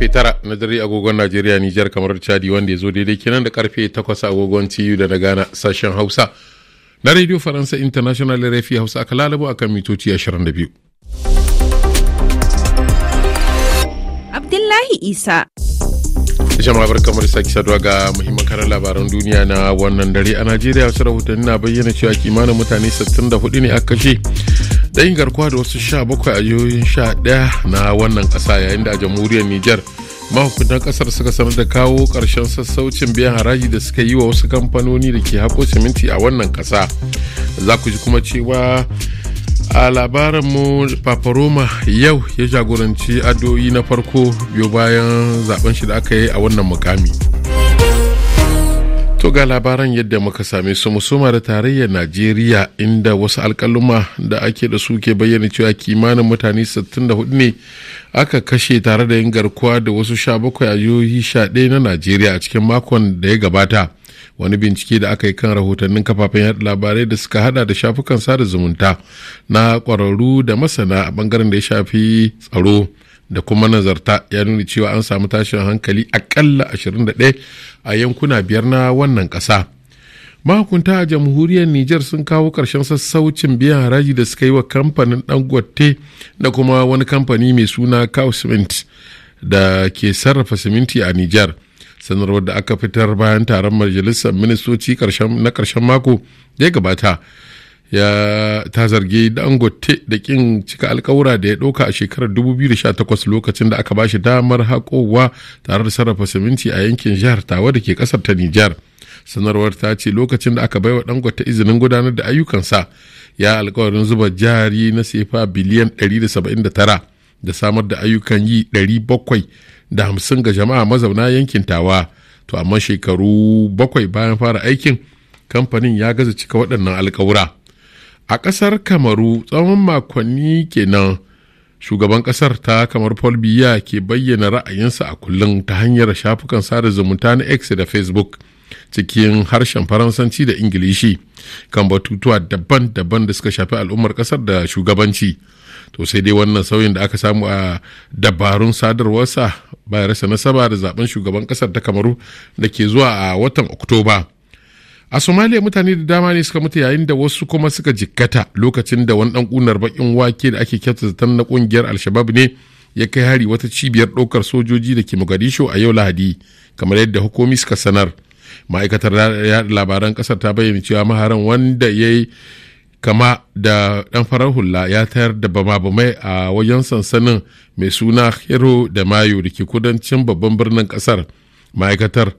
karfe 9 na dare agogon Najeriya Nijar kamar Chadi wanda ya zo daidai kenan da karfe 8 agogon TU da na Ghana sashen Hausa na Radio Faransa International rafi Hausa aka lalabo akan mitoci 22. Abdullahi Isa jama'a kamar saki saduwa ga muhimman karar labaran duniya na wannan dare a najeriya wasu rahotanni na bayyana cewa kimanin mutane 64 ne aka kashe tsayin garkuwa da wasu 17 a jihohin 11 na wannan ƙasa yayin da a jamhuriyar Nijar mahukuntan kasar suka sanar da kawo ƙarshen sassaucin biyan haraji da suka yi wa wasu kamfanoni da ke hako siminti a wannan ƙasa. Za ku ji kuma cewa a mu paparoma yau ya jagoranci adoyi na farko biyo bayan zaben shi da aka yi a wannan mukami. To ga labaran yadda muka same su musuma da tarayyar Najeriya inda wasu alkaluma da ake da su ke bayyana cewa kimanin mutane 64 ne aka kashe tare da yin garkuwa da wasu 17 a jihohi 11 na Najeriya a cikin makon da ya gabata. Wani bincike da aka yi kan rahotannin kafafen yadda labarai da suka hada da shafukan sada zumunta na ƙwararru da masana a bangaren da ya shafi tsaro. da kuma nazarta ya nuna cewa an samu tashin hankali akalla 21 a yankuna biyar na wannan ƙasa. mahukunta a jamhuriyar niger sun kawo ƙarshen sassaucin biyan haraji da suka yi wa kamfanin dangote da kuma wani kamfani mai suna cow cement da ke sarrafa siminti a niger sanarwar da aka fitar bayan taron majalisar ministoci na ƙarshen mako da ya gabata ya ta zargi dangote da kin cika alkawura da ya ɗauka a shekarar 2018 lokacin da aka bashi damar haƙowa tare da sarrafa siminti a yankin jihar tawa da ke ƙasar ta nijar sanarwar ta ce lokacin da aka bai wa dangote izinin gudanar da ayyukansa ya alkawarin zuba jari na sefa biliyan 179 da samar da ayyukan yi 750 ga jama'a mazauna yankin tawa to amma shekaru bakwai bayan fara aikin kamfanin ya gaza cika waɗannan alkawura a ƙasar kamaru tsawon makonni kenan shugaban ƙasar ta kamar paul biya ke bayyana ra'ayinsa a kullum ta hanyar shafukan sada zumunta na x da facebook cikin harshen faransanci da ingilishi kan batutuwa daban-daban da suka shafi al'ummar ƙasar da shugabanci to sai dai wannan sauyin da aka samu a dabarun sadarwarsa ba ya rasa nasaba da zaben shugaban ƙasar ta kamaru da ke zuwa a watan oktoba a somaliya mutane da dama ne suka mutu yayin da wasu kuma suka jikkata lokacin da wani dan kunar bakin wake da ake kyauta zaton na kungiyar alshabab ne ya kai hari wata cibiyar ɗaukar sojoji da ke mogadishu a yau lahadi kamar yadda hukumi suka sanar ma'aikatar yaɗa labaran ƙasar ta bayyana cewa maharan wanda ya yi kama da ɗan farar hula ya tayar da bama-bamai a wajen sansanin mai suna hero da mayo da ke kudancin babban birnin ƙasar ma'aikatar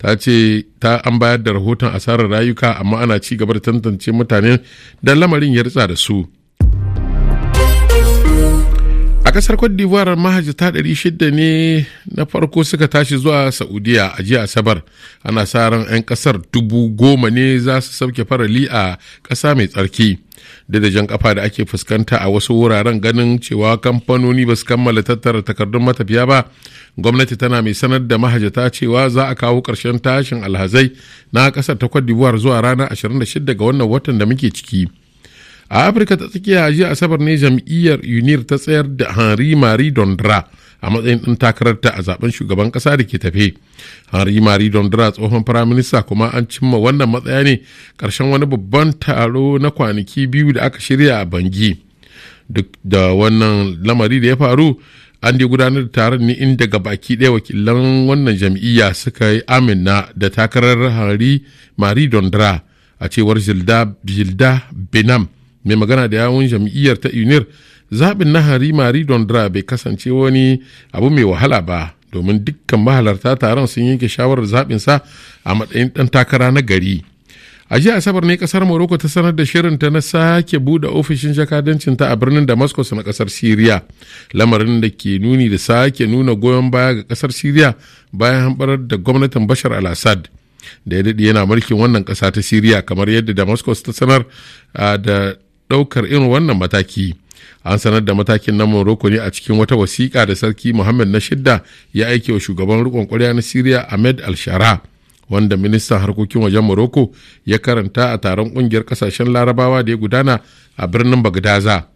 ta ce ta an bayar da rahoton asarar rayuka amma ana ci gaba da tantance mutane da lamarin ya da su a kasar cote d'ivoire mahajjata 600 ne na farko suka tashi zuwa saudiya a jiya asabar ana sa ran 'yan kasar dubu goma ne za su sauke farali a ƙasa mai tsarki da da jan kafa da ake fuskanta a wasu wuraren ganin cewa kamfanoni ba su kammala tattara takardun matafiya ba gwamnati tana mai sanar da mahajjata cewa za a kawo ƙarshen tashin alhazai na kasar ta cote d'ivoire zuwa ranar 26 ga wannan watan da muke ciki a afirka ta tsakiya jiya asabar ne jam'iyyar unir ta tsayar da henri marie dondra a matsayin ɗin takararta a zaben shugaban ƙasa da ke tafe henri marie dondra tsohon firaminista kuma an cimma wannan matsaya ne ƙarshen wani babban taro na kwanaki biyu da aka shirya a bangi duk da wannan lamari da ya faru an je gudanar da taron ne inda ga baki ɗaya wakilan wannan jam'iyya suka yi amina da takarar hari mari dondra a cewar zilda benam mai magana da yawun jam'iyyar ta unir zaɓin na don ridondra bai kasance wani abu mai wahala ba domin dukkan mahalarta taron sun yanke shawarar zaɓinsa a matsayin ɗan takara na gari a jiya asabar ne kasar morocco ta sanar da shirin ta na sake buɗe ofishin jakadancinta a birnin damascus na kasar syria lamarin da ke nuni da sake nuna goyon baya ga kasar syria bayan hambarar da gwamnatin bashar al-assad da ya daɗe yana mulkin wannan ƙasa ta syria kamar yadda damascus ta sanar da ɗaukar irin wannan mataki an sanar da matakin na morocco ne a cikin wata wasiƙa da sarki muhammad na shidda ya aike wa shugaban riƙon ƙwarya na syria ahmed al-shara wanda ministan harkokin wajen morocco ya karanta a taron ƙungiyar ƙasashen larabawa da ya gudana a birnin bagdaza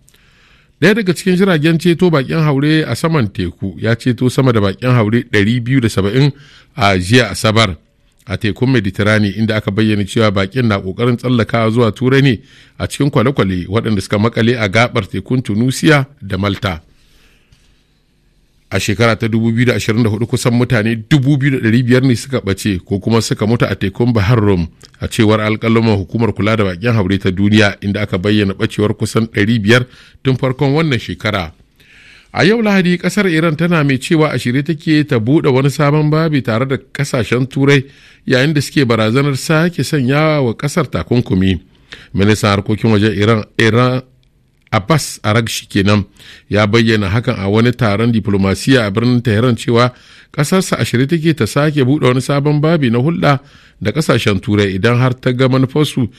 ɗaya daga cikin jiragen ceto bakin haure a saman teku ya ceto sama da bakin haure 270 a jiya asabar a tekun mediterani inda aka bayyana cewa bakin na kokarin tsallakawa zuwa turai ne a cikin kwale-kwale waɗanda suka makale a gabar tekun tunisia da malta a shekara ta 2024 kusan mutane 2,500 ne suka ɓace ko kuma suka mutu a tekun bahar rum a cewar alƙalaman hukumar kula da bakin haure ta duniya inda aka bayyana ɓacewar kusan 500 tun farkon wannan shekara. a yau lahadi kasar iran tana mai cewa a shirye take ta buɗe wani sabon babi tare da kasashen turai yayin da suke barazanar sake sanya wa kasar takunkumi ministan harkokin wajen iran iran abbas aragshi kenan ya bayyana hakan a wani taron diplomasiya a birnin tehran cewa kasarsa a shirye take ta sake buɗe wani sabon babi na hulɗa da ƙasashen turai idan har ta ga manufarsu